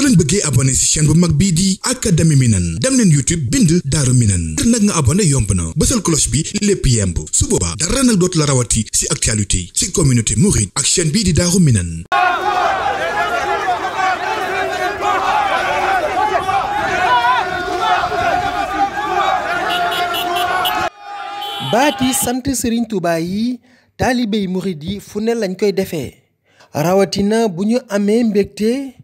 soo bëggee abonné ci bu mag bii di académie Minane dem leen YouTube bind Daaru Minane ngir nag nga abonné yomb lépp yemb su boobaa dara nag dootu ci actualité ci communauté mouride bii di Daaru sant Serigne Touba yi taalibey murid yi fu ne lañ koy defee rawatina bu ñu amee mbégte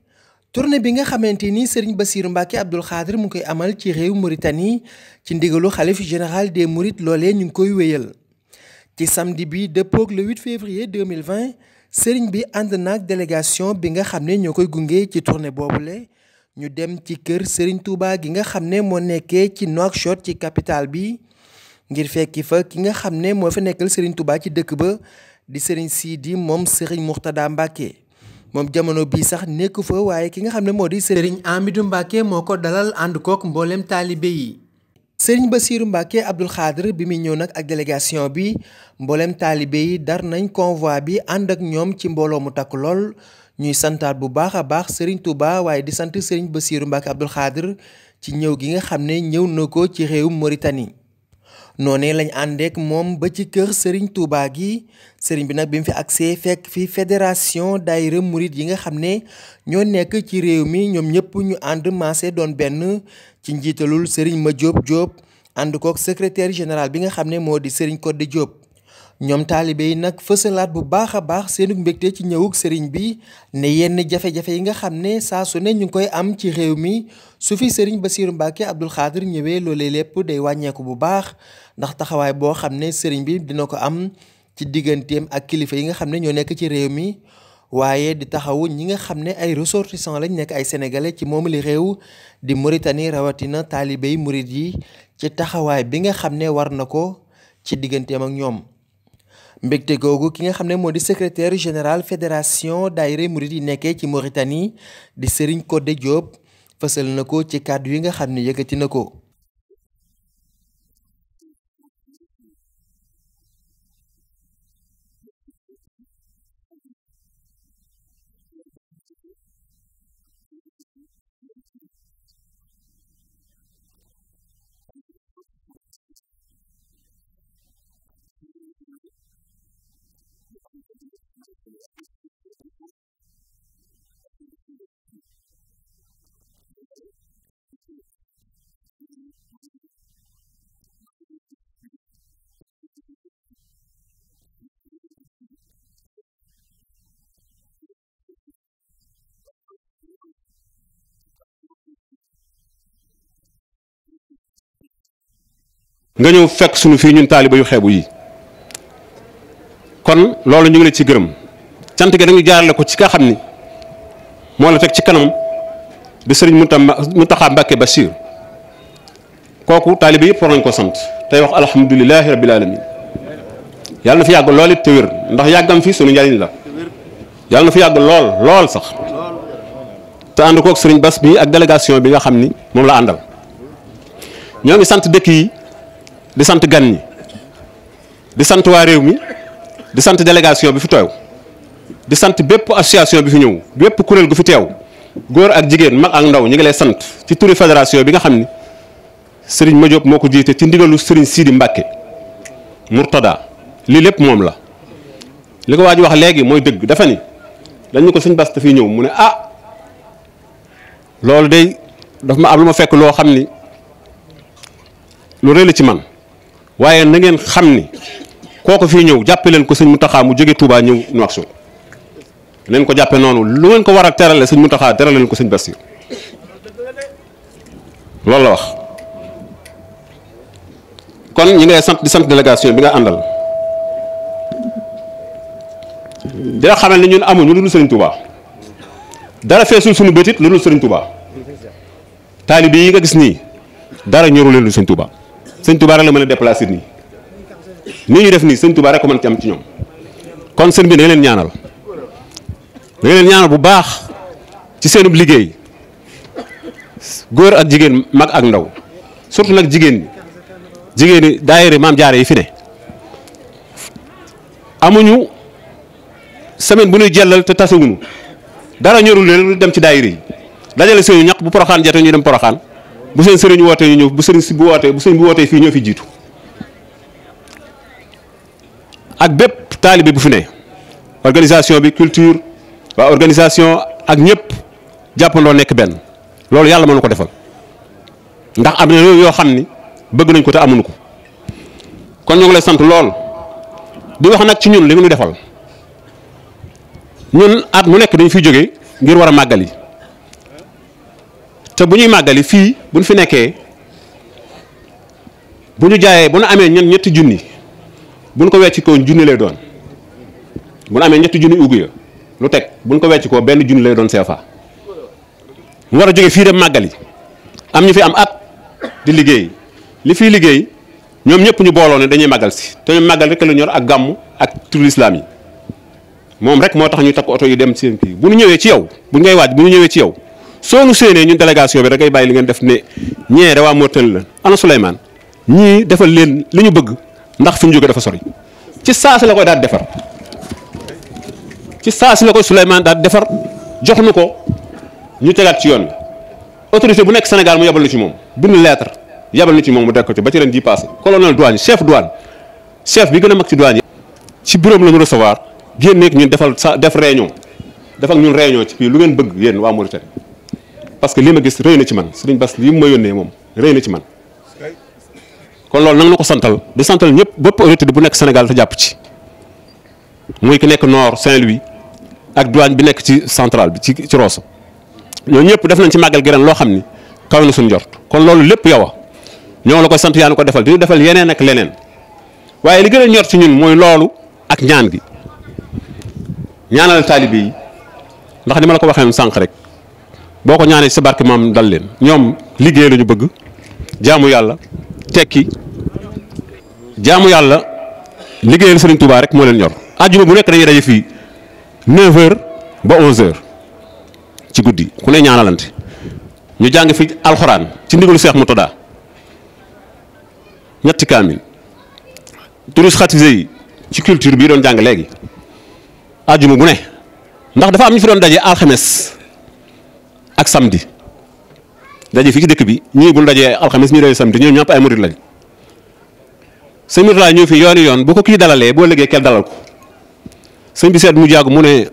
tournée bi nga xamante ni sëriñ Bassirou Mbacké Abdoul Khadir mu koy amal ci réew Mauritanie ci ndigalu xalif général des Mourides loole ñu ngi koy wéyal ci samedi bi dëppoog le 8 février 2020 sëriñ bi ànd naag délégation bi nga xam ne ñoo koy gunge ci tournée boobule ñu dem ci kër sëriñ Touba gi nga xam ne moo nekkee ci Nouakchott ci capital bi ngir fekki fa ki nga xam ne moo fa nekkal sëriñ Touba ci dëkk ba di sëriñ Sidi moom sëriñ Mourtada Mbacké moom jamono bii sax nekk fa waaye ki nga xam ne moo di sëriñ Amidou Mbacke moo ko dalal ànd kook mbooleem taalibe yi. sëriñ ba siiru Mbacke Abdoul Khadr bi muy ñëw nag ak délégation bi mbooleem taalibe yi dar nañ convoi bi ànd ak ñoom ci mbooloo mu takk lool ñuy santaat bu baax a baax sëriñ Touba waaye di sant sëriñ Bassirou Mbacke Abdoul Khadr ci ñëw gi nga xam ne ñëw na ko ci réewum Mauritanie. noonee lañ àndeek moom ba ci kër Serigne Touba gi Serigne bi nag bi mu fi agsee fekk fi fédération daayira murit yi nga xam ne ñoo nekk ci réew mi ñoom ñëpp ñu ànd maase doon benn ci njiitalul ma Madiop Diop ànd kook secretaire général bi nga xam ne moo di Serigne Codé Diop. ñoom taalibe yi nag fësalaat bu baax a baax seenug mbégte ci ñëwug sëriñ bi ne yenn jafe-jafe yi nga xam ne saa su ne ñu koy am ci réew mi su fi sëriñ Bassirou Mbacké Abdoul Khadr ñëwee loolee lépp day wàññeeku bu baax ndax taxawaay boo xam ne sëriñ bi dina ko am ci digganteem ak kilifa yi nga xam ne ñoo nekk ci réew mi waaye di taxawu ñi nga xam ne ay ressortissants lañ nekk ay sénégalais ci moomu li réew di Mauritanie rawatina taalibe yi murit yi ci taxawaay bi nga xam ne war na ko ci digganteem ak ñoom. mbégte googu ki nga xam ne moo di secrétaire général fédération daayira murit yi nekkee ci Mauritanie di Serigne Codé Diop fësal na ko ci kàddu yi nga xam ni yëkkati na ko. nga ñëw fekk suñu fii ñun taaliba yu xeebu yi kon loolu ñu ngi la ci gërëm cant gi dañu jaarale ko ci ka xam ni moo la teg ci kanam di sëriñ Mountakha Mbacké Bachir kooku taaliba yëpp nañ ko sant tey wax alhamdulilahi rabbil alamin yàlla na fi yàgg lool it te wér ndax fii sunu njariñ la yàlla na fi yàgg lool lool sax te ànd kook sëriñ Bass bi ak bi nga xam ni moom la àndal ñoo ngi sant dëkk yi di sant gan ñi di sant waa réew mi di sant délégation bi fi teew di sant bépp association bi fi ñëw bépp kuréel gu fi teew góor ak jigéen mag ak ndaw ñu ngi lay sant ci turi fédération bi nga xam ni Serigne Madiop moo ko jiite ci ndigalu Serigne Sidi Mbacke Mourtada lii lépp moom la. li ko waa ji wax léegi mooy dëgg dafa ni dañu ko suñ bas dafay ñëw mu ne ah loolu day daf ma am lu ma fekk loo xam ni lu rëy la ci man. waaye na ngeen xam ni kooku fii ñëw jàppe leen ko sëñ taxaa mu jóge Touba ñëw Nouakchott leen ko jàppe noonu lu ngeen ko war a terale sëñ taxaa teral leen ko sëñ Bassirou loolu la wax kon ñi ngay sant di sant délégation bi nga àndal dina xamal ni ñun amuñu lu dul sëriñ Touba dara feesul suñu bëtit lu dul sëriñ Touba gis nii dara ñoru leen sëñ Tuubaa rek la mën a déplacer nii nii ñu def nii sëñ Tuubaa rek ko mën ci am ci ñoom kon sëñ bi da nga leen ñaanal da bu baax ci seenub liggéey góor ak jigéen mag ak ndaw surtout nag jigéen ñi jigéen ñi daayira maam jaare yi fi ne amuñu semaine bu ñuy jellal te tasewuñu dara ñorul leen lu dem ci daayira yi dajale seenu ñaq bu poroxaan jotee ñu dem poroxaan bu seen sëriñ wootee ñu ñëw bu sëriñ si bu wootee bu sëriñ bu wootee fii ñoo fi jiitu ak bépp taalibe bu fi ne organisation bi culture waa organisation ak ñëpp jàppandoo nekk benn loolu yàlla mënu ko defal ndax am na yoo xam ni bëgg nañ ko te amuñu ko kon ñu ngi lay sant lool di wax nag ci ñun li nga ñu defal ñun at mu nekk dañu fiy jóge ngir war a màggal yi te bu ñuy màggali fii bu ñu fi nekkee bu ñu jaayee bu ñu amee ñen ñetti junni bu ñu ko wecci koo junni lay doon bu ñu amee ñetti junni ugu ya lu teg bu ñu ko wecci koo benn junni lay doon CFA mu war a jóge fii dem màggali am ñu fi am at di liggéey li fiy liggéey ñoom ñëpp ñu booloo ne dañuy màggal si te ñoom màggal rek la ñor ak gàmmu ak turu islam yi moom rek moo tax ñu takk oto yi dem seen kii bu ñu ñëwee ci yow bu ngay waaj bu ñu ñëwee ci yow. soo nu séenee ñun délégation bi da ngay bàyyi li ngeen def ne ñeere waa Mauritanie la ana Souleymane ñii defal leen li ñu bëgg ndax fi mu jóge dafa sori ci saasi la koy daal defar ci saasi la koy Souleymane daal defar jox nu ko ñu tegaat ci yoon autorité bu nekk Sénégal mu yabal lu ci moom bind lettre yabal lu ci moom mu dekk ko ci ba ci ren jii passé colonel douane chef douane chef bi gën a mag ci douane yi ci bureau la ñu recevoir génneeg ñu defal sa def réunion def ak ñun réunion ci fii lu ngeen bëgg yéen waa Mauritanie parce que lii ma gis rëy na ci man sëriñ Bass lii ma yónnee moom rëy na ci man kon loolu nag na ko santal di santal ñëpp bépp autorité bu nekk Sénégal te jàpp ci muy ki nekk noor Saint-Louis ak douane bi nekk ci centrale bi ci ci Rosso ñooñu ñëpp def nañ ci màggal gi ren loo xam ni kaw na suñu jot kon loolu lépp yow a ñoo la koy sant yaa ko defal di defal yeneen ak leneen waaye li gën ñor ci ñun mooy loolu ak ñaan gi ñaanal taalibe yi ndax ni ma la ko waxee sànq rek. boo ko ñaanee sa barke maam dal leen ñoom liggéey lañu bëgg jaamu yàlla tekki jaamu yàlla liggéeyal Serigne Touba rek moo leen ñor. àjjuma bu nekk dañuy daje fii 9h ba 11h ci guddi ku ne ñaanalante ñu jàng fi alxuraan ci ndigalu Seex Murtada ñetti kaamil turist xatisé yi ci culture bii doon jàng léegi àjjuma bu ne ndax dafa am ñu fi doon daje alxames. ak samedi daje fii ci dëkk bi ñii bu ñu dajee alxames ñii dajee samedi ñoom ñëpp ay murit lañ sëñ Mourtala ñëw fi yoon bu ko kii dalalee boo liggéey kenn dalal ko sëñ bi seet mu jàgg mu ne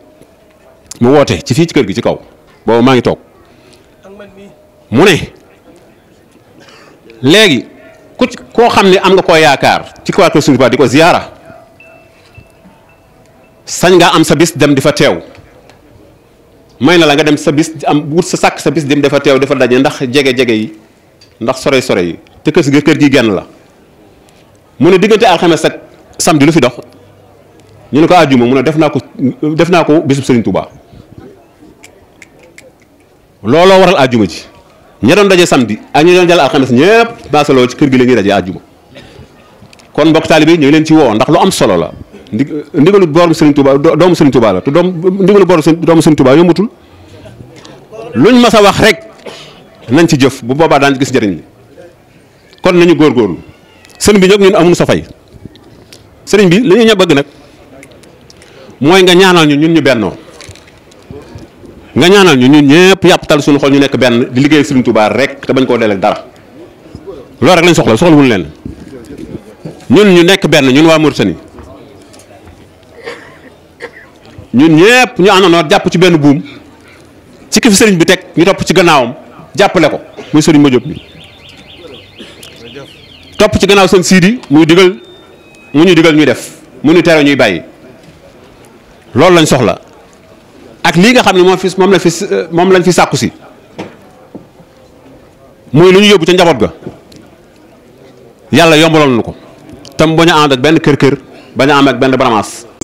mu woote ci fii ci kër gi ci kaw boobu maa ngi toog mu ne léegi ku koo xam ne am nga koo yaakaar ci kaw ak suñu di ko ziyaara sañ nga am sa bis dem di fa teew. may na la nga dem sa bis am wut sa sàkk sa bis dem dafa teew dafa daje ndax jege-jege yi ndax sore sore yi te kës ga kër gi genn la mu ne diggante alxames ak samedi lu fi dox ñu ne ko àjjuma mu ne def naa ko def naa ko bisub Serigne Touba looloo waral àjjuma ji ña doon daje samedi ak ñi doon jàll alxames ñëpp baasaloo ci kër gi la ñuy daje àjjuma kon mbokk taalibe ñu leen ci wow ndax lu am solo la ndi ndigalu booru Serigne Touba doomu Serigne Touba la te doom ndigalu booru doomu Serigne Touba yombatul luñ mas a wax rek nañ ci jëf bu boobaa daan gis njëriñ li kon nañu góor sëriñ bi ñoog ñun amuñu sa fay sëriñ bi li ñu bëgg nag mooy nga ñaanal ñu ñun ñu bennoo nga ñu ñun ñëpp yàpptal suñu ñu nekk benn di liggéey Serigne Touba rek te bañ koo delleeg dara loolu rek lañ soxla soxla ñu nekk benn ñun waa Mauritanie ñu ñëpp ñu àndandoo jàpp ci benn buum ci ki fi sëriñ bi teg ñu topp ci gannaawam jàppale ko muy sëriñ ma jóg mi topp ci gannaaw seen siidi muy digal mu ñu digal ñuy def mu ñu tere ñuy bàyyi loolu lañ soxla ak lii nga xam ne moom fi moom lañ fi moom lañ fi sàkku si muy lu ñu yóbbu ca njaboot ga yàlla yombaloon ko tam bañ a ànd benn kër kër bañ a am ak benn bramaas